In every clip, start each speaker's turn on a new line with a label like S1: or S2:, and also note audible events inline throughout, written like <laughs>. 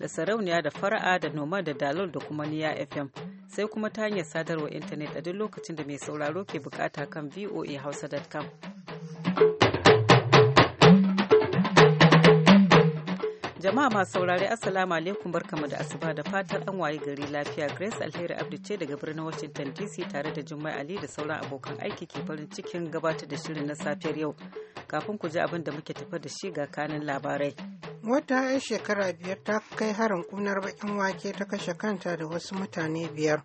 S1: da sarauniya da fara'a da noma da dalol da kuma niya fm sai kuma ta hanyar sadarwa intanet a duk lokacin da mai sauraro ke bukata kan voahausa.com jama'a masu saurari assalamu alaikum barkamu da asuba da fatar an waye gari lafiya grace alheri abdu ce daga birnin washington dc tare da jummai ali da sauran abokan aiki ke farin cikin gabatar da shirin na safiyar yau kafin ku ji abin da muke tafa da shi ga kanin labarai
S2: Wata 'yan shekara biyar ta kai harin kunar bakin wake ta kashe kanta da wasu mutane biyar.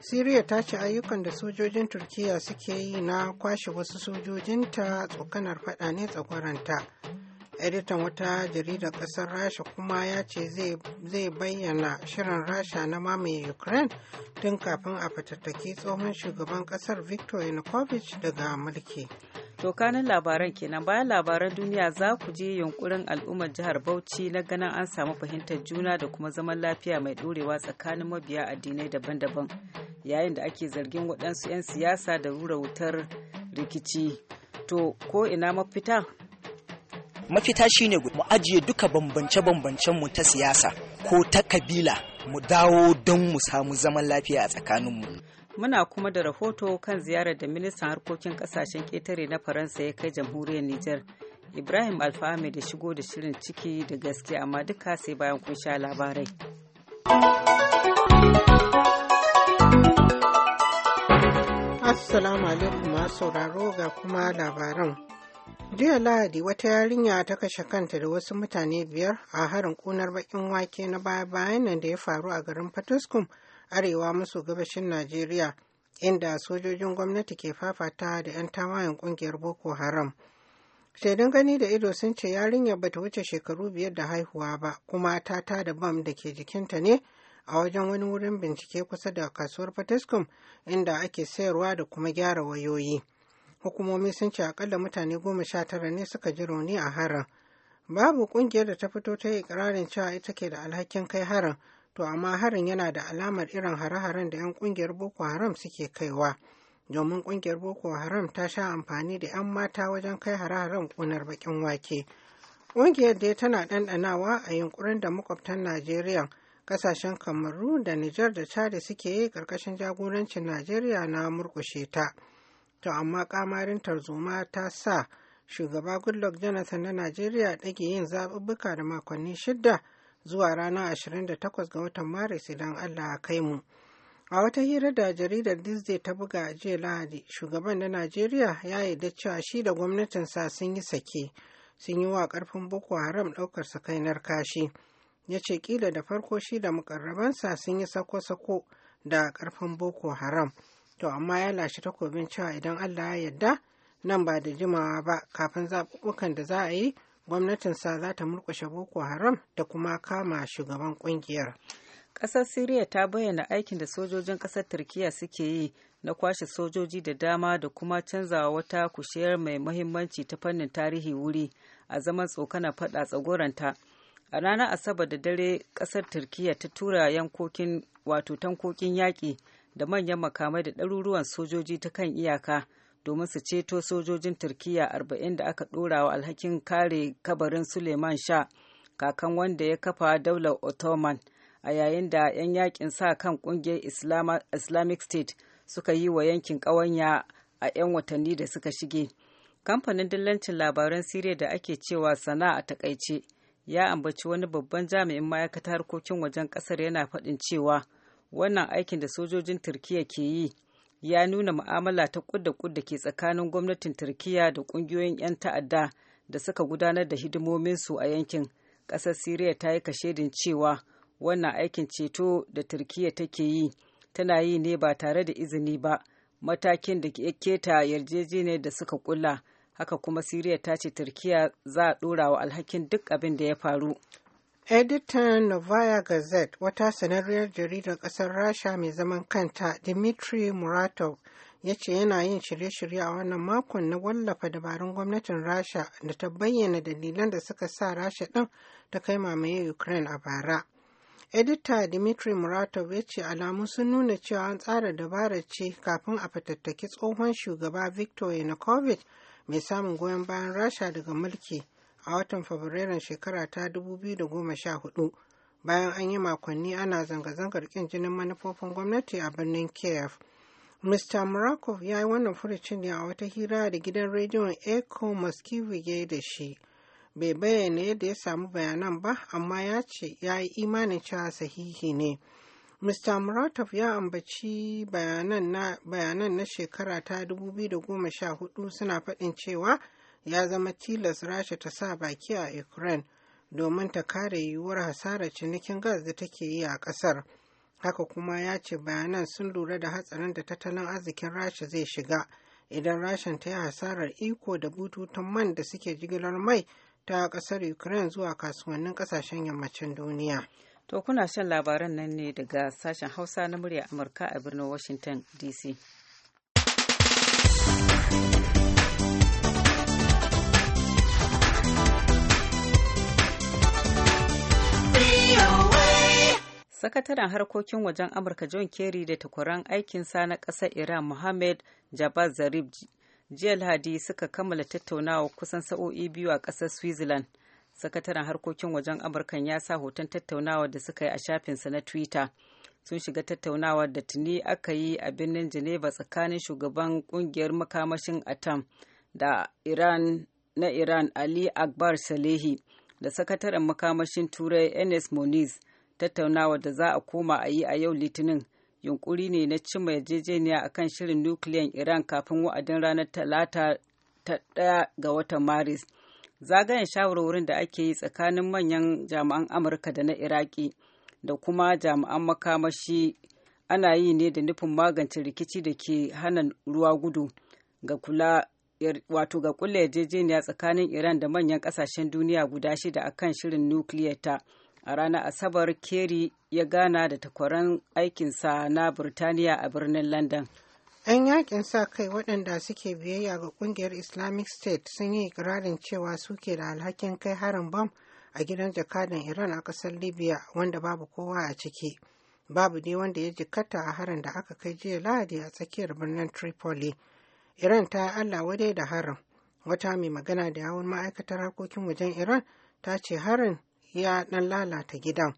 S2: Siriya ta ce ayyukan da sojojin Turkiyya suke yi na kwashe wasu sojojinta tsokanar fada ne tsakwaranta. Editan wata jaridar ƙasar Rasha kuma ya ce zai bayyana shirin Rasha na mamaye Ukraine tun kafin a fatattaki tsohon shugaban ƙasar victor Yanukovych daga mulki.
S1: To kanin labaran kenan bayan labaran duniya za ku je yunkurin al'ummar jihar Bauchi na ganin an samu fahimtar juna da kuma zaman lafiya mai ɗorewa tsakanin mabiya addinai daban-daban yayin da ake zargin waɗansu 'yan siyasa da rura wutar rikici. To ko ina mafita?
S3: Mafita shine mu ajiye duka bambance-bambancen mu ta siyasa ko ta kabila mu dawo don mu samu zaman lafiya a tsakaninmu.
S1: Muna kuma da rahoto kan ziyarar da ministan harkokin kasashen ƙetare na Faransa ya kai jamhuriyar Niger Ibrahim Alfahame da shigo da shirin ciki da gaske amma duka sai bayan kun sha labarai.
S2: Assalamu alaikum sauraro ga kuma labaran. Jiya Lahadi wata yarinya ta kashe kanta da wasu mutane biyar a harin kunar bakin wake na baya-bayan nan da ya faru a garin Fatuskum arewa maso gabashin Najeriya inda sojojin gwamnati ke fafata da 'yan tawayen kungiyar Boko Haram. Shaidun gani da ido sun ce yarinyar bata wuce shekaru biyar da haihuwa ba kuma ta da bam da ke jikinta ne a wajen wani wurin bincike kusa da kasuwar Fataskum inda ake sayarwa da kuma gyara wayoyi. Hukumomi sun ce akalla mutane goma sha tara ne suka ji rauni a harin. Babu kungiyar da ta fito ta yi ikirarin cewa ita ke da alhakin kai harin to amma harin yana da alamar irin hare-haren da 'yan kungiyar boko haram suke kaiwa domin kungiyar boko haram ta sha amfani da 'yan mata wajen kai hare-haren kunar bakin wake kungiyar dai tana ɗanɗanawa a yunkurin da makwabtan najeriya kasashen kamaru da nijar da chad suke yi ƙarƙashin jagorancin najeriya na murkushe ta to amma kamarin tarzoma ta sa shugaba goodluck jonathan na najeriya ɗage yin zaɓuɓɓuka da makonni shidda zuwa ranar 28 ga watan maris idan allah kai mu a wata hira da jaridar Disde ta buga jiya lahadi shugaban na najeriya ya yarda cewa shi da gwamnatinsa sun yi sake sun yi wa karfin boko haram daukar sakainar kashi ya ce kila da farko shi da mukarrabansa sun yi sako-sako da karfin boko haram to amma ya lashe takobin cewa idan allah ya yarda nan ba da jimawa ba kafin zaɓuɓɓukan da za a yi gwamnatinsa za ta murkushe boko haram da kuma kama shugaban
S1: kungiyar ƙasar siriya ta bayyana aikin da sojojin ƙasar turkiya suke yi na kwashe sojoji da dama da kuma canzawa wata kushiyar mai mahimmanci ta fannin tarihi wuri a zaman tsokana faɗa tsagoranta a ranar asabar da dare ƙasar turkiya ta tura yankokin wato tankokin yaƙi da manyan makamai da ɗaruruwan sojoji ta kan iyaka domin su ceto sojojin turkiya arba'in da aka ɗora wa alhakin kare kabarin suleiman sha kakan wanda ya kafa daular ottoman a yayin da 'yan yakin sa kan kungiyar islamic state suka yi wa yankin ƙawanya a 'yan watanni da suka shige kamfanin dillancin labaran siriya da ake cewa sana'a a takaice ya ambaci wani babban jami'in ma'aikatar harkokin wajen kasar yana faɗin cewa wannan aikin da sojojin turkiya ke yi ya nuna mu'amala ta kudda kudda ke tsakanin gwamnatin turkiya da kungiyoyin 'yan ta'adda da suka gudanar da hidimominsu a yankin ƙasar siriya ta yi kashedin cewa wannan aikin ceto da turkiya take yi tana yi ne ba tare da izini ba matakin da ya keta yarjejeniyar da suka kula haka kuma siriya ta ce turkiya za a ɗora wa alhakin duk abin da ya faru editan novaya
S2: gazette wata sanarriyar jaridar kasar rasha mai zaman kanta dimitri muratov ya ce yana yin shirye-shirye a wannan makon na wallafa dabarun gwamnatin rasha da ta bayyana dalilan da suka sa rasha ɗin ta kai mamaye ukraine a bara edita dimitri muratov ya ce alamu sun nuna cewa an tsara dabara ce kafin a fatattaki tsohon shugaba victor yanukovych mai samun goyon bayan rasha daga mulki a watan Fabrairun shekara ta 2014 bayan an yi makonni ana zanga-zangar kin jinin manufofin gwamnati a birnin Kiev. Mr. Murakov ya yi wannan furucin ne a wata hira da gidan rediyon Echo Moscow ya da shi. Bai bayyana yadda ya samu bayanan ba, amma ya ce ya yi imanin cewa sahihi ne. Mr. Muratov ya ambaci bayanan na, shekara ta 2014 suna faɗin cewa ya zama tilas rasha ta sa baki a ukraine domin ta kare yiwuwar hasarar cinikin gas da take yi a kasar haka kuma ya ce bayanan sun lura da hatsarin da tattalin arzikin rasha zai shiga idan rashin ta yi hasarar iko da bututun man da suke
S1: jigilar mai ta kasar ukraine zuwa kasuwannin kasashen yammacin duniya to kuna shan labaran nan ne daga sashen hausa na murya amurka a birnin washington dc sakataren harkokin wajen amurka john kerry da takwaran aikinsa na ƙasar iran mohammed jabaz zarif jiya lahadi suka kammala tattaunawa kusan sa'o'i biyu a ƙasar switzerland sakataren harkokin wajen amurkan ya sa hoton tattaunawa da suka yi a shafinsa na twitter sun shiga tattaunawa da tuni aka yi a birnin geneva tsakanin shugaban kungiyar makamashin atam da iran na iran ali akbar salehi da sakataren makamashin turai enes moniz tattaunawa da za a koma a yi a yau litinin yunkuri ne na cimma yarjejeniya akan shirin nukiliyan iran kafin wa'adin ranar talata ta ɗaya ga watan maris zagayen shawarwarin da ake yi tsakanin manyan jami'an amurka da na iraki da kuma jami'an makamashi ana yi ne da nufin magance rikici da ke hana ruwa gudu ga kula wato ga kulle yarjejeniya tsakanin iran da manyan kasashen duniya guda shida akan shirin nukiliyar ta a ranar asabar kerry ya gana da takwaran aikinsa na burtaniya a birnin london
S2: yan yakin sa kai waɗanda suke biyayya ga kungiyar islamic state sun yi ikirarin cewa suke da alhakin kai harin bom a gidan jakadan iran a ƙasar libya wanda babu kowa a ciki babu dai wanda ya jikata a harin da aka kai jiya lahadi a tsakiyar birnin tripoli iran ta yi allah wadai da harin wata mai magana da yawon ma'aikatar harkokin wajen iran ta ce harin ya ɗan lalata gidan.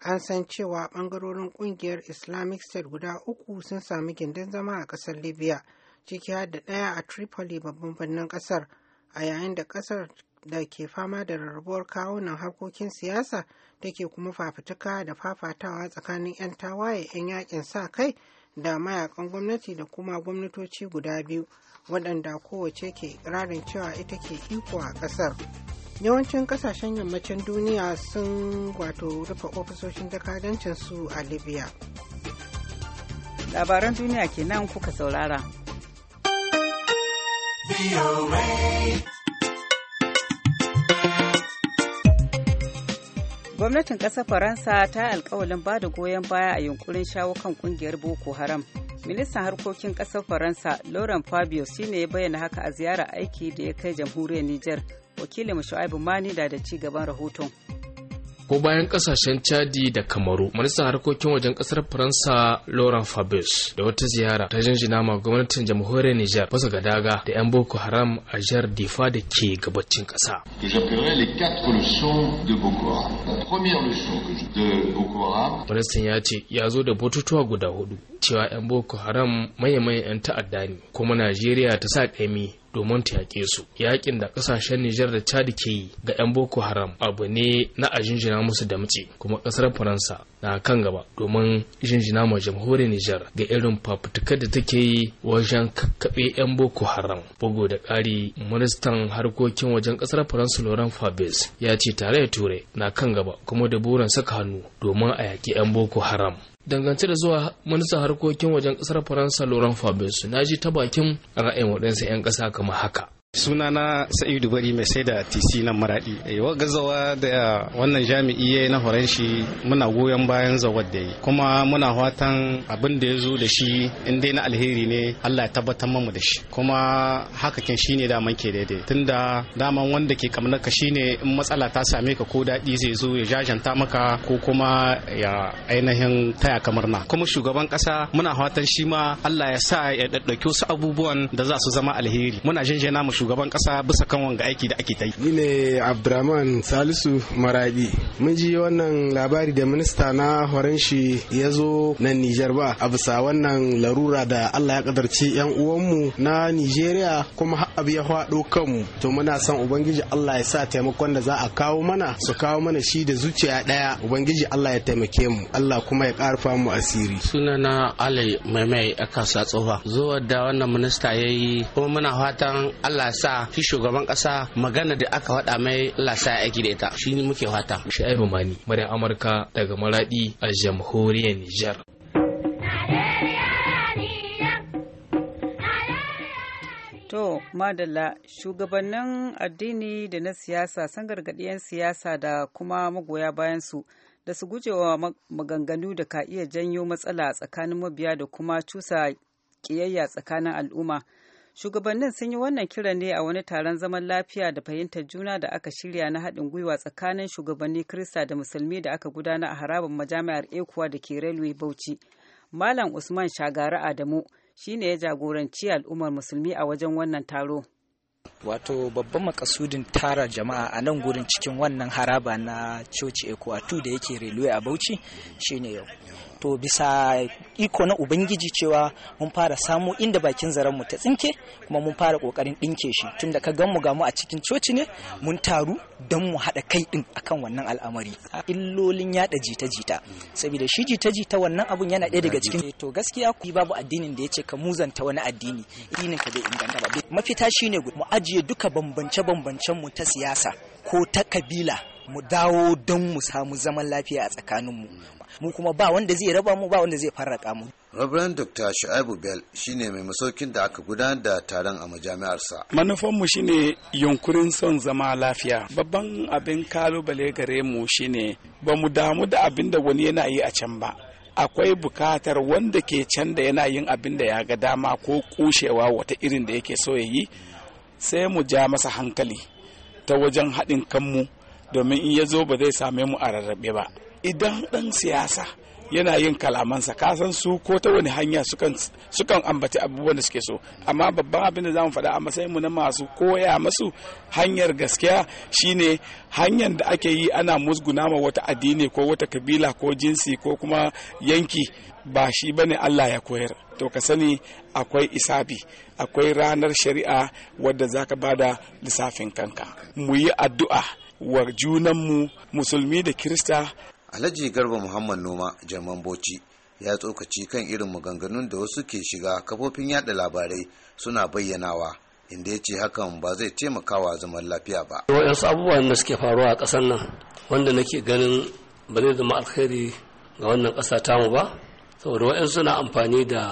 S2: An san cewa ɓangarorin ƙungiyar Islamic State guda uku sun sami gindin zama a ƙasar Libya, ciki har da ɗaya a Tripoli babban birnin ƙasar, a yayin da ƙasar da ke fama da rarrabuwar kawunan harkokin siyasa take kuma fafutuka da fafatawa tsakanin 'yan tawaye 'yan yakin sa kai da mayakan gwamnati da kuma gwamnatoci guda biyu waɗanda kowace ke ikirarin cewa ita ke iko a ƙasar. yawancin kasashen yammacin duniya sun wato rufe ofisoshin
S1: jakadancin su a libya labaran duniya kenan kuka saurara gwamnatin ƙasar faransa ta yi alkawalin ba da goyon baya a yunkurin shawo kan kungiyar boko haram ministan harkokin ƙasar faransa lauren fabio shine ya bayyana haka a ziyarar aiki da ya kai jamhuriyar niger wakilin shu'aibu mani da ci gaban rahoton
S4: ko bayan kasashen chadi da kamaru ministan harkokin wajen kasar faransa laurent fabius da wata ziyara ta jinjina ma gwamnatin jamhuriyar Nijar, basa ga daga da yan boko haram a jihar difa da ke gabacin kasa ministan ya ce ya zo da batutuwa guda hudu cewa 'yan boko haram maye-maye 'yan ta'adda ne kuma najeriya ta sa ƙaimi domin ta yaƙe su yaƙin da ƙasashen Nijar da Chad ke yi ga 'yan Boko Haram abu ne na a jinjina musu da mace kuma ƙasar Faransa na kan gaba domin jinjina ma jamhuriyar Nijar ga irin fafutukar da take yi wajen kakkaɓe 'yan Boko Haram bugu da ƙari ministan harkokin wajen ƙasar Faransa Laurent fabes ya ce tare da Turai na kan gaba kuma da burin saka hannu domin a yaƙi 'yan Boko Haram dangance da zuwa ministan harkokin wajen kasar faransa laurent fabius na ji ta bakin ra'ayin waɗansu 'yan ƙasa kamar haka
S5: sunana sa'idu bari mai sai da tc na maradi eh, wa gazawa da eh, wannan jami'i ya na horon shi muna goyon bayan zawar da yi kuma muna watan abin da ya zo da shi in dai na alheri ne allah ya tabbatar mamu da shi kuma hakakin shine daman ke daidai tunda daman wanda ke kamnar ka shine in matsala ta same ka ko daɗi zai zo ya jajanta maka ko kuma ya ainihin taya kamar na kuma shugaban ƙasa muna watan shi ma allah ya sa ya ɗaɗɗauki wasu abubuwan da za su zama alheri muna jinjina mu shugaban kasa bisa kan wanga aiki da ake ta
S4: yi ni ne abdurrahman salisu maradi mun ji wannan labari da minista na horon ya zo nan nijar ba a bisa wannan larura da allah ya kadarci yan uwanmu na Nijeriya kuma har ya faɗo kanmu to muna son ubangiji allah ya sa taimakon da za a kawo mana su kawo mana shi da zuciya ɗaya ubangiji allah ya taimake mu allah kuma ya ƙarfa mu asiri sunana Ali maimai akasa tsofa zuwa da wannan minista ya yi kuma muna fatan allah sa shi shugaban kasa magana da aka faɗa mai lasa ya aiki da ita shi ne muke fata Shaibu Mani murya Amurka daga Maradi a jamhuriyar Nijar
S1: To, Madalla, shugabannin addini da na siyasa sun gargaɗi 'yan siyasa da kuma magoya bayan su da su gujewa maganganu da ka iya janyo matsala tsakanin mabiya da kuma cusa ƙiyayya tsakanin al'umma. Shugabannin sun yi wannan kiran ne a wani taron zaman lafiya da fahimtar juna da aka shirya na haɗin gwiwa tsakanin shugabanni krista da Musulmi da aka gudana a harabar majami'ar Ekuwa da ke Railway Bauchi. Malam Usman Shagara Adamu shine ya jagoranci al'ummar Musulmi a wajen wannan taro.
S3: Wato babban makasudin tara jama'a a nan gurin cikin wannan haraba na coci Ekuwa 2 da yake Railway a Bauchi shine yau. to bisa iko na ubangiji cewa mun fara samu inda bakin zaren mu ta tsinke kuma mun fara kokarin dinke shi tunda ka gan mu ga mu a cikin coci ne mun taru don mu haɗa kai din akan wannan al'amari illolin yada jita-jita saboda shi jita-jita wannan abun yana ɗaya daga cikin to gaskiya ku babu addinin da ya ce ka muzanta wani addini addinin ka bai inganta ba mafita shine mu ajiye duka bambance-bambancen mu ta siyasa ko ta kabila mu dawo don mu samu zaman lafiya a tsakaninmu mu kuma ba wanda zai raba mu ba wanda zai farraka mu
S5: Reverend Dr. Shu'aibu Bell shine mai masaukin da aka gudanar da taron a majami'arsa.
S3: Manufanmu shine yunkurin son zama
S4: lafiya. Babban abin kalubale gare mu shine ba mu damu da abin da wani yana yi a can ba. akwai bukatar wanda ke can da yana yin abin da ya ga dama ko kushewa wata irin da yake so ya yi sai mu ja masa hankali ta wajen haɗin kanmu domin in ya zo ba zai same mu a rarrabe ba idan ɗan siyasa yana yin kalamansa ka san su ko ta wani hanya sukan ambaci abubuwan da suke so amma babban abin da mu faɗa a matsayinmu na masu koya masu hanyar gaskiya shine hanyar da ake yi ana musguna ma wata addini ko wata kabila ko jinsi ko kuma yanki ba shi ba ne Allah ya koyar to ka sani akwai isabi akwai ranar shari'a wadda zaka bada lissafin kanka mu yi addu'a wa junanmu musulmi da kirista
S5: alhaji garba muhammad noma jaman bauchi ya tsokaci kan irin maganganun da wasu ke shiga kafofin yada labarai suna bayyanawa inda ya ce hakan ba zai taimakawa zaman lafiya ba.
S4: waɗansu abubuwan da suke faruwa a ƙasar nan wanda nake ganin ba zai zama alkhairi ga wannan ta mu ba saboda wayansu suna amfani da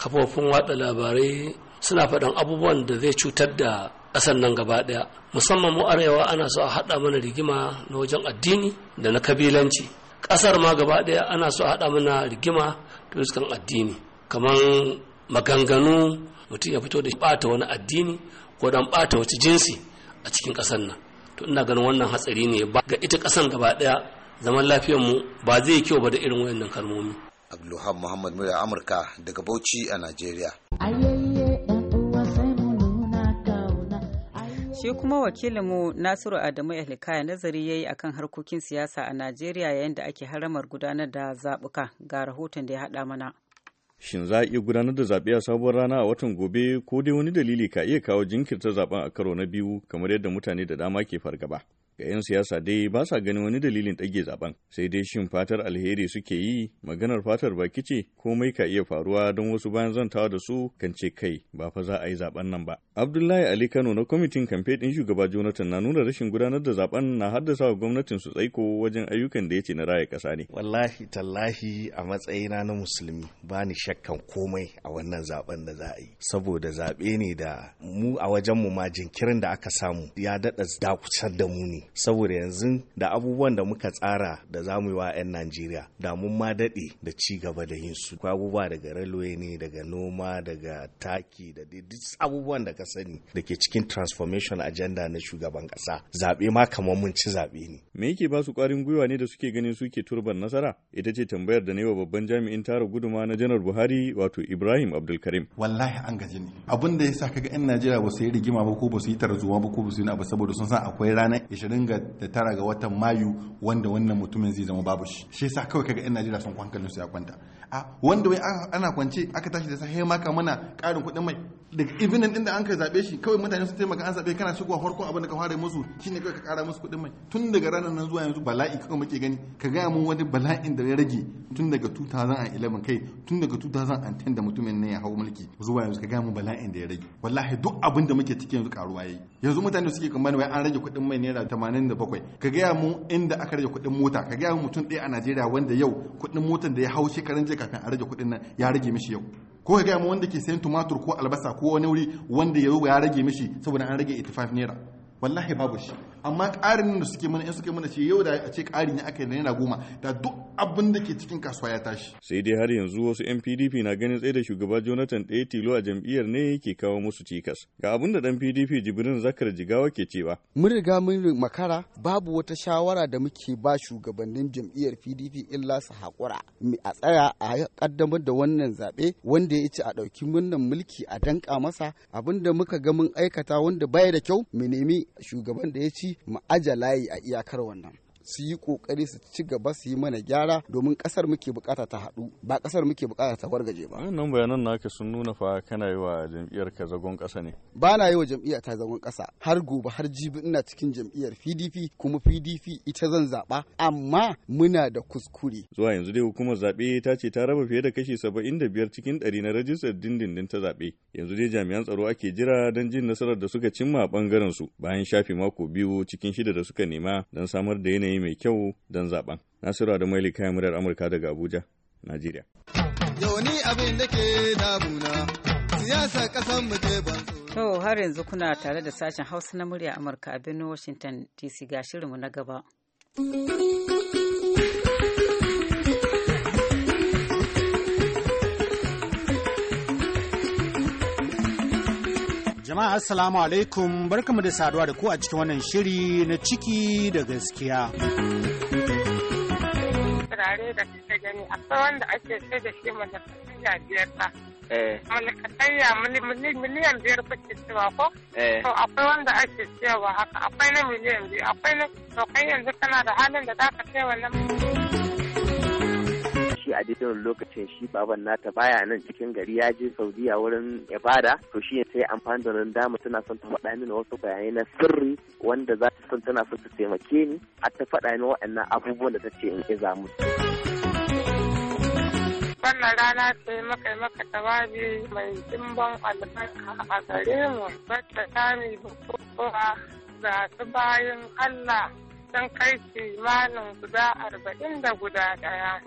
S4: kafofin watsa labarai suna faɗan abubuwan da zai cutar da ƙasar nan gaba ɗaya musamman mu arewa ana so a haɗa mana rigima na wajen addini da na kabilanci ƙasar ma gaba ɗaya ana so a haɗa mana rigima ta iskan addini kamar maganganu mutum ya fito da ɓata wani addini ko dan ɓata wata jinsi a cikin ƙasar nan to ina ganin wannan hatsari ne ba ga ita ƙasar gaba ɗaya zaman lafiyar mu ba zai kyau ba da irin wayannan kalmomi Abdulhamid Muhammad mai Amurka daga Bauchi a Najeriya.
S1: Shi kuma wakilinmu Nasiru Adamu Elhikaya nazari ya yi a kan harkokin siyasa a Najeriya yayin da ake haramar gudanar da zaɓuka ga rahoton da ya haɗa mana.
S6: Shin za a iya gudanar da zaɓe a sabuwar rana a watan gobe ko dai wani dalili ka iya kawo jinkirta zaɓen a karo na biyu kamar yadda mutane da dama ke fargaba. Ga 'yan siyasa dai ba sa ganin wani dalilin ɗage zaben, sai dai shin fatar alheri suke yi maganar fatar baki ce komai ka iya faruwa don wasu bayan zantawa da su kan ce kai ba fa za a yi zaben nan ba. Abdullahi Ali Kano na kwamitin kamfe ɗin shugaba Jonathan na nuna rashin gudanar da zaben na haddasa wa gwamnatin su tsaiko wajen ayyukan da ya ce na raya ƙasa ne. Wallahi tallahi a matsayina na musulmi ba ni shakkan komai a wannan zaben da za a yi saboda zaɓe ne da mu a wajen mu ma jinkirin da aka samu ya daɗa dakusar da mu ne saboda yanzu da abubuwan da muka tsara da za mu yi wa 'yan najeriya da mun ma daɗe da ci gaba da yin su abubuwa daga railway ne daga noma daga taki da duk abubuwan da ka sani da ke cikin transformation agenda na shugaban ƙasa zaɓe ma kamar mun ci zaɓe ne me yake ba su ƙwarin gwiwa ne da suke ganin suke turban nasara ita ce tambayar da na yi wa babban jami'in tara guduma na janar buhari wato ibrahim abdulkarim wallahi
S7: an gaji ne abin da ya sa kaga 'yan najeriya ba su yi rigima ba ko ba su yi tarzoma ba ko ba su yi abu saboda sun san akwai ranar 20 ashirin da tara ga watan mayu wanda wannan mutumin zai zama babu shi shi yasa kawai kaga yan najeriya sun hankalin su ya kwanta a wanda wai ana kwance aka tashi da sahiya maka mana karin kuɗin mai daga ibinin din da an kai zabe shi kawai mutane su taimaka an zabe kana shigowa farko abin da ka fara musu shine kawai ka kara musu kuɗin mai tun daga ranar nan zuwa yanzu bala'i kawai muke gani ka gaya mun wani bala'in da ya rage tun daga 2011 kai tun daga 2010 da mutumin ne ya hau mulki zuwa yanzu ka gaya mun bala'in da ya rage wallahi duk abin da muke ciki yanzu karuwa yayi yanzu mutane suke kamar wai an rage kuɗin mai naira 87 ka gaya mun inda aka rage kuɗin mota ka gaya mun mutum ɗaya a Najeriya wanda yau kuɗin motar da ya hau shekaran jeka kafin a rage kuɗin nan ya rage mishi yau ko ka gaya ma wanda ke sayan tumatur ko albasa ko wani wuri wanda ya ya rage mishi saboda an rage 85 naira wallahi babu shi amma ƙarin da suke mana in suke mana ce yau da a ce ƙari ne aka yi naira goma da duk abin da ke cikin kasuwa ya tashi.
S6: sai dai har yanzu wasu yan pdp na ganin tsaye da shugaba jonathan ɗaya tilo a jam'iyyar ne ke kawo musu cikas ga abin da ɗan pdp jibrin zakar jigawa ke cewa. mun riga
S7: mun makara babu wata shawara da muke ba shugabannin jam'iyyar pdp illa su haƙura a tsaya a kaddamar da wannan zaɓe wanda ya ci a ɗauki wannan mulki a danƙa masa abin da muka ga mun aikata wanda baya da kyau mu nemi shugaban da ya ci mu aje layi a iyakar wannan su yi kokari su ci gaba su yi mana gyara domin kasar muke bukata ta haɗu ba kasar muke bukata ta wargaje ba
S6: wannan bayanan naka sun nuna fa kana yi wa jam'iyyar ka zagon ƙasa ne
S7: ba na yi wa jam'iyyar ta zagon ƙasa har gobe har jibi ina cikin jam'iyyar PDP kuma PDP ita zan zaɓa amma muna da kuskure
S6: zuwa yanzu dai hukumar zaɓe ta ce ta raba fiye da kashi 75 cikin 100 na rajistar dindindin ta zaɓe yanzu dai jami'an tsaro ake jira don jin nasarar da suka cimma a bangaren su bayan shafe mako biyu cikin shida da suka nema don samar da yanayin yanayi mai kyau don zaben. Nasiru da Maili kayan murar Amurka daga Abuja, Najeriya.
S7: Yau ni abin da ke damuna, siyasa kasan
S1: mu ke ban To har yanzu kuna tare da sashen Hausa na murya Amurka a birnin Washington DC ga shirinmu na gaba.
S5: Jama'a Assalamu alaikum barkamu da saduwa da ku a cikin wannan shiri na ciki da gaskiya.
S8: akwai wanda ake sai da shi biyar eh. ta. miliyan biyar kuke cewa ko? Eh. To akwai wanda ake cewa haka akwai na miliyan biyu akwai na to yanzu kana da halin da za ka wa wannan.
S9: shi a daidai lokacin shi baban nata baya nan cikin gari ya je saudiya wurin ibada to shi sai amfani da nan dama tana son ta faɗa mini wasu bayanai na sirri wanda za ta son tana son su taimake ni a ta faɗa mini waɗannan abubuwan da ta ce in iza musu.
S8: wannan rana ce maka maka tawabi mai dimbon albarka a gare mu wacce ta mai bukukuwa ga su bayan Allah don kai kimanin guda arba'in da guda ɗaya.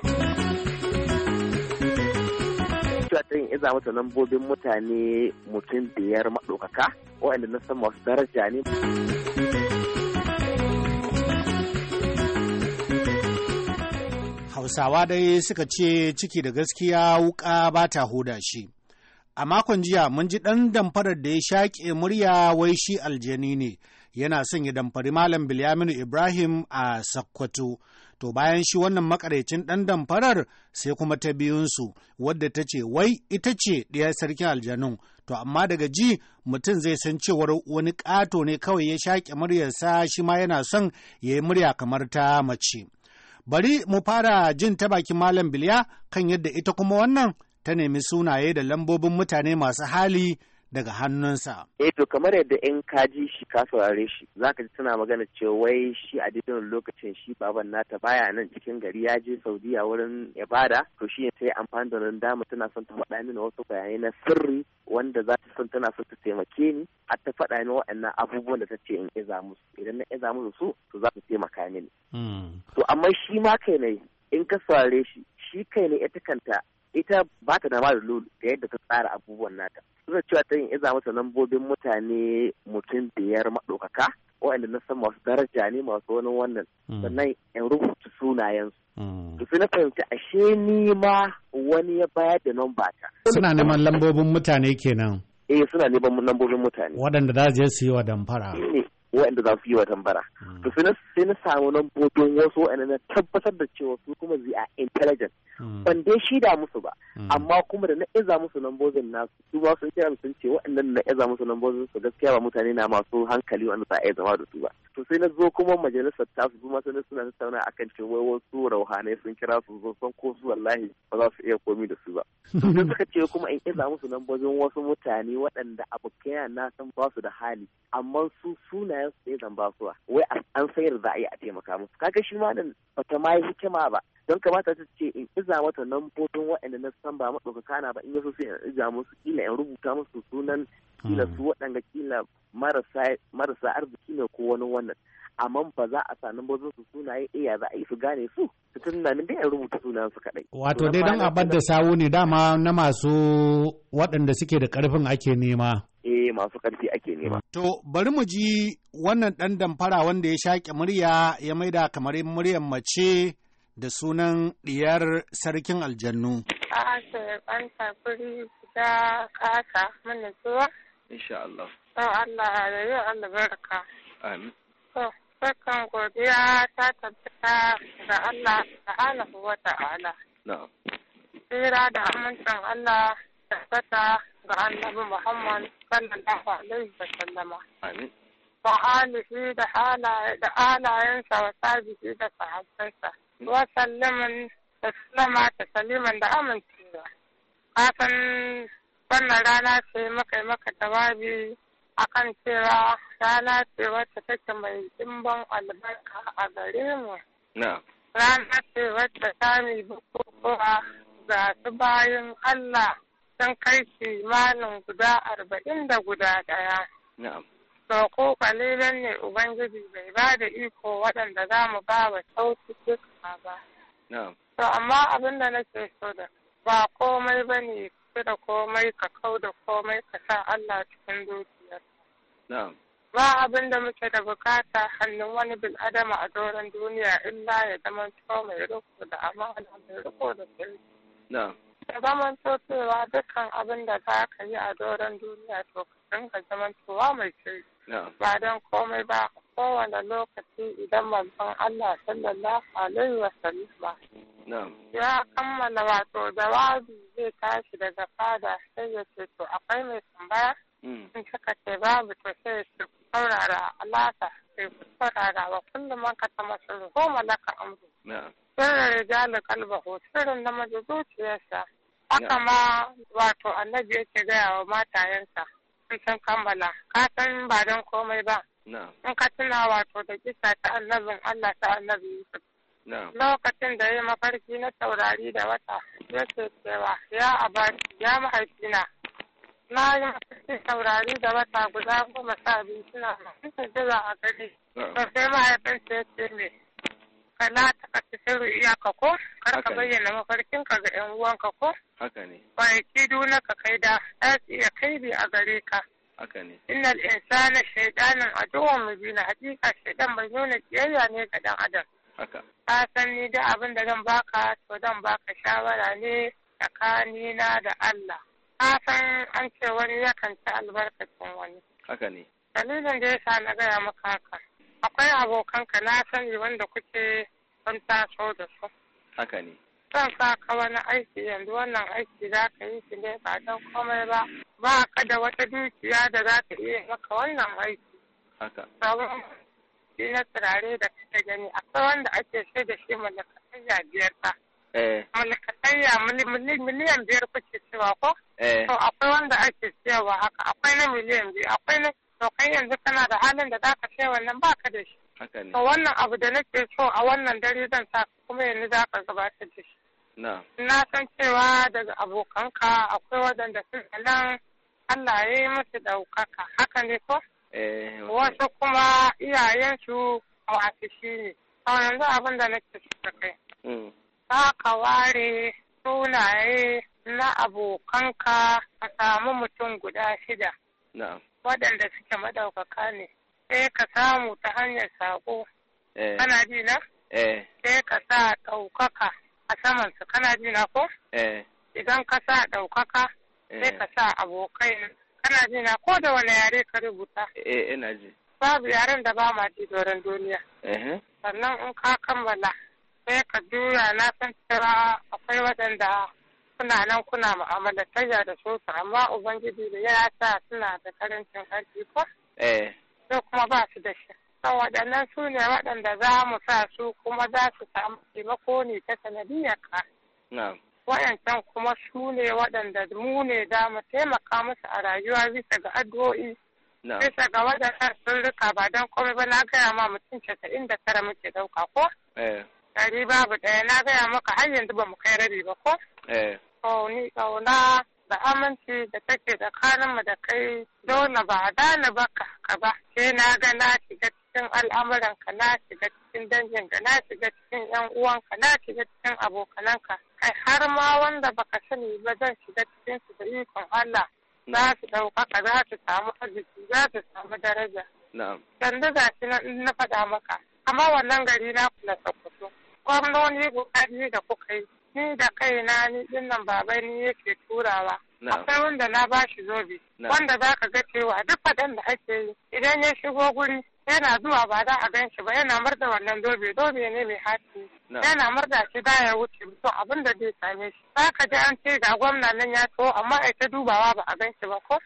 S9: cewa ta yin iza mata lambobin mutane mutum biyar maɗaukaka waɗanda na san masu daraja ne. Hausawa
S5: dai suka ce ciki da gaskiya wuka ba ta huda shi. A makon jiya mun ji ɗan damfarar da ya shaƙe murya wai shi aljani ne. yana son ya damfari Malam Bilyaminu Ibrahim a Sakkwato. To bayan shi wannan makarecin ɗan damfarar sai kuma ta biyunsu wadda ta ce wai ita ce ɗaya sarkin aljanun. To amma daga ji mutum zai san cewar wani ƙato ne kawai ya shaƙe muryarsa shi ma yana son ya yi murya kamar ta mace. Bari mu fara jin ta bakin Malam Bilya kan yadda ita kuma wannan ta nemi sunaye da lambobin mutane masu hali daga hannunsa.
S9: Eh to kamar yadda in kaji shi ka saurare shi zaka ji tana magana cewa wai shi a didin lokacin shi baban nata baya nan cikin gari ya je Saudiya wurin ibada to shi ne sai amfani da wannan dama tana son ta faɗa mini wasu bayanai na sirri wanda za ta son tana son ta taimake ni har ta faɗa mini waɗannan abubuwan da ta ce in iza musu idan na iza musu su to za ta taimaka mini. Hmm. To amma shi ma kai ne in ka saurare shi shi kai ne ita kanta ita ba ta da ma da yadda ta tsara abubuwan nata suna cewa ta yin iza masa lambobin mutane mutum biyar maɗaukaka waɗanda na san masu daraja ne masu wani wannan mm. sannan in rubuta sunayensu. Mm. To sai na fahimci ashe ni ma wani ya bayar da nan bata. Suna neman
S5: lambobin mutane kenan.
S9: Eh suna neman lambobin mutane.
S5: Waɗanda za su yi wa damfara.
S9: waɗanda za su yi wa tambara hmm. to sai na samu nan lambobin wasu waɗanda na tabbatar da cewa su kuma zai a intelligent hmm. ban dai da musu ba hmm. amma kuma da na iza musu nan lambobin na su ba sun kira sun ce waɗannan na iza musu nan lambobin su gaskiya ba mutane na masu hankali wanda za a iya zama da su ba
S6: to
S1: sai
S9: na zo kuma majalisar ta su ma sai suna tattauna akan kan wai wasu rauhanai sun kira su zo san ko su wallahi ba za su iya komi da su ba <laughs> sai suka ce kuma in iza musu lambobin wasu mutane waɗanda abokaiya na san ba su da hali amma su sunayen su zan ba su wai an sayar za a yi a taimaka musu kaga shi ma nan bata ma yi hikima ba don kamata ta ce in iza mata lambobin waɗanda na san ba maɗaukaka na ba in yaso sai in iza musu ina in rubuta musu sunan kila hmm. su waɗanda kila marasa arziki ne ko wani wannan amma ba za a sami bazin su sunaye iya eh, za a yi su gane su su tunanin da ya rubuta sunan su kadai wato dai dan abar da
S5: sawu ne dama na masu waɗanda suke da ƙarfin ake nema
S9: eh masu karfi ake nema hmm.
S5: to bari mu ji wannan dan damfara wanda ya shaƙe murya ya maida kamar muryar mace da sunan ɗiyar sarkin aljannu a'a
S8: sai an da ƙasa mana zuwa insha Allah ah, Allah ya amin to sakan godiya ta tabbata ga Allah wa ta'ala na'am tsira da amincin Allah tabbata ga annabi Muhammad sallallahu alaihi wa sallama amin وآله da wa sabihi da sahabbansa hmm. wa da sallama da amincewa. Kafin Wannan rana ce maka maka a kan cewa rana ce wacce take mai dimbin albarka a gare mu. Rana ce wata ta mi bukukuwa ga su bayan Allah sun kai kimanin guda arba'in da guda ɗaya. So ko kalilan ne Ubangiji bai ba da iko waɗanda za mu ba wa sauti duka ba. To amma abin da nake so da ba komai ba ne cire da komai ka kau da komai ka sa Allah cikin dukiyar. Ba abin da muke da bukata hannun wani adama a doron duniya illa ya zama to mai riko da amana mai riko da sai. Da zaman to cewa dukkan abin da za ka yi a doron duniya to ka dinga zaman towa mai kirki. ba don komai ba kowane lokaci idan manzon Allah sallallahu alaihi wa ya kammala wato jawabi zai tashi daga fada sai ya ce to akwai mai tambaya mm. in suka ce babu to sai su saurara alaka sai eh, ku saurara wa kullum man ka tama sun malaka amru sirrin rijalin kalbahu sirrin na mace zuciyarsa haka ma wato annabi yake gaya wa matayensa in san kammala ka san ba don komai ba in ka tuna wato da kisa ta annabin Allah ta annabi Yusuf Lokacin da ya mafarki na taurari da wata ya ce cewa ya abati ya mahaifina na yi mafarki taurari da wata guda goma sha biyu suna mahaifin jira a gari. sai mahaifinsa ya ce ka na taka fitar iyaka ko kar ka bayyana mafarkin ka ga 'yan uwanka ko. Haka ne. Kwanaki duna ka kai da ya kai bi a gare ka. haka ne innal insana shaytanan aduwwun mubin hakika shaidan bai nuna kiyayya ne ga dan adam haka ka san ni da abin da zan baka to zan baka shawara ne tsakanina da Allah ka san an ce wani yakan ci albarkacin wani haka ne dalilin da yasa na gaya maka haka akwai abokanka na sani wanda kuke sun taso da su haka ne zan sa ka wani aiki yanzu wannan aiki za ka yi shi ne ba don komai ba ba ka da wata dukiya da za ta iya maka wannan aiki haka na turare da kake gani akwai wanda ake sai da shi malakatayya biyar ta. Eh. Malakatayya miliyan biyar kuke cewa ko? Eh. To akwai wanda ake cewa haka akwai na miliyan biyu akwai na to kai yanzu kana da halin da za ka sai wannan ba ka da shi. To wannan abu da nake so a wannan dare zan sa kuma yanzu za ka gabatar da shi. Na san cewa daga abokanka akwai waɗanda sun nan Allah ya yi musu ɗaukaka haka ne ko? Eh, Wasu kuma iyayensu masu shi ne. A yanzu abin da nake suka kai. Hmm. Za ka ware sunaye na abokanka ka samu mutum guda shida. Waɗanda suke madaukaka ne. Sai ka samu ta hanyar saƙo.
S4: Eh. Kana ji na? Eh.
S8: Sai ka sa ɗaukaka a samansu. Kana ji na ko? Idan ka sa ɗaukaka, sai ka sa abokai Kana ji na ko da wani yare ka rubuta.
S4: Eh ina ji.
S8: Babu yaren da ba ma ji doron duniya. Sannan in ka kammala sai ka juya na san cewa akwai waɗanda kuna nan kuna mu'amala tayya da su amma ubangiji da ya sa suna da karancin ƙarfi ko. Eh. Sai kuma ba su da shi. waɗannan su ne waɗanda za mu sa su kuma za su samu taimako ne ta sanadiyar ka. Na'am. wayancan kuma su ne waɗanda mu ne da mu taimaka musu a rayuwa bisa ga addu'o'i bisa ga waɗanda sun ba don komai ba na gaya ma mutum casa'in da tara muke ɗauka ko eh. ɗari babu ɗaya na gaya maka har yanzu ba mu kai rabi ba ko eh. to ni ƙauna da aminci da take tsakaninmu da kai dole ba a dana ba ka ba sai na ga na shiga cikin al'amuranka na shiga cikin dangin ka na shiga cikin yan uwanka na shiga cikin abokananka kai har ma wanda baka sani ba zan shiga cikin su da ikon Allah za su ɗaukaka za su samu arziki za su samu daraja. Na'am. Yanzu ga na faɗa maka amma wannan gari na kula Sokoto. Gwamnoni guda biyu da kuka yi ni da kaina ni din nan babai ni yake turawa. Akwai wanda na ba shi zobe. Wanda za ka ga cewa duk faɗan da ake yi idan ya shigo guri yana zuwa ba za a gan shi ba yana murda wannan dobe dobe ne mai hati yana murda shi ba ya wuce to abin da zai same shi za ka ji an ce ga gwamna nan ya taho amma ai ta dubawa ba a gan shi ba ko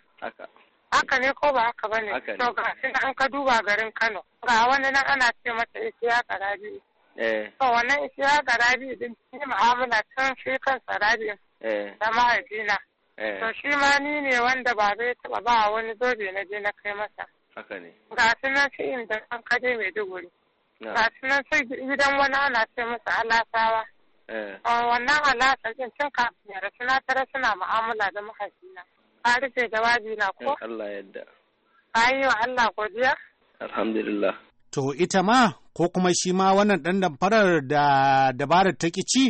S8: haka ne ko ba haka bane to ga shi an ka duba garin Kano ga wani nan ana ce mata isiya karabi eh. to wannan isiya karabi din shi ma'amala tun shi kan sarabi eh. da mahaifina eh. to shi ma ni ne wanda ba zai taba ba wani zobe na je na kai masa haka ne ga su nan sai da an kaje maiduguri ga su nan sai gidan wani ana ce masa alasawa eh. wannan alasa jin cin kafin yara suna tara suna mu'amala da mahaifina ka rufe jawabi na ko Allah yadda ka yi wa Allah godiya
S4: alhamdulillah to ita
S5: ma ko kuma shi ma wannan ɗan damfarar da dabarar ta ci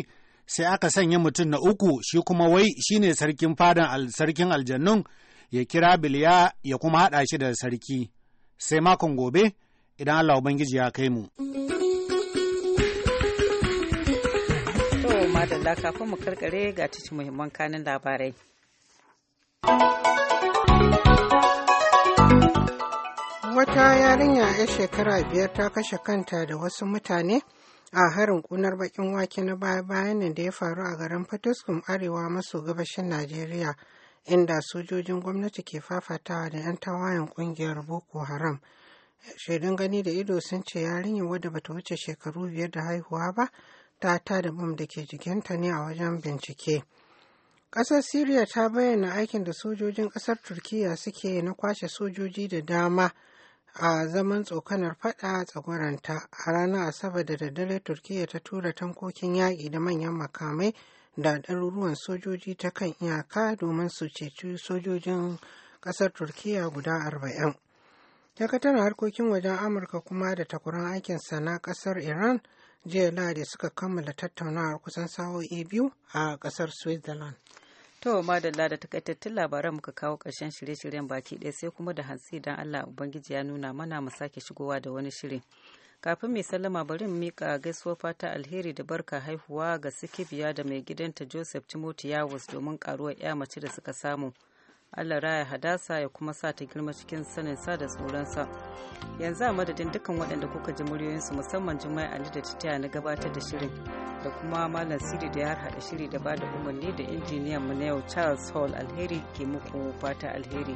S5: sai aka sanya mutum na uku shi kuma wai shine sarkin fadan sarkin aljannun ya kira biliya ya kuma haɗa shi da sarki sai makon gobe idan Allah Ubangiji ya kai
S1: mu. To madalla kafin mu karkare ga cikin muhimman kanin labarai.
S2: Wata yarinya 'yar shekara biyar ta kashe kanta da wasu mutane a harin kunar bakin wake na baya-bayan da ya faru a garin Fataskum Arewa maso gabashin Najeriya. inda sojojin gwamnati ke fafatawa da 'yan tawayen kungiyar boko haram shaidun gani da ido sun ce yarinyar wadda bata wuce shekaru biyar da haihuwa ba ta ta da da ke jikinta ne a wajen bincike ƙasar syria ta bayyana aikin da sojojin ƙasar turkiya suke na kwashe sojoji da dama a zaman tsokanar fada tsagoranta a ranar asabar da daddare turkiya ta tura tankokin yaƙi da manyan makamai da ɗaruruwan sojoji ta kan iyaka domin su ceci sojojin ƙasar turkiya guda arba'in dakatar harkokin wajen amurka kuma da takwaran aikinsa na ƙasar iran jiya lahadi suka kammala tattaunawar kusan sa'o'i biyu a ƙasar switzerland
S1: To madalla da takaitattun labaran muka kawo ƙarshen shirye-shiryen baki ɗaya sai kuma da hantsi dan Allah Ubangiji ya nuna mana mu sake shigowa da wani shirin. kafin mai sallama bari mu mika gaisuwar fata alheri da barka haihuwa ga sikibiya da mai gidanta joseph timothy yawus domin karuwar ya mace da suka samu allah raya hadasa ya kuma sa ta girma cikin sanin sa da tsoronsa yanzu a madadin dukkan waɗanda kuka ji muryoyinsu musamman jimai ali da titiya na gabatar da shirin da kuma malam siri da ya haɗa shiri da ba da umarni da injiniyan mu na yau charles hall alheri ke muku fata alheri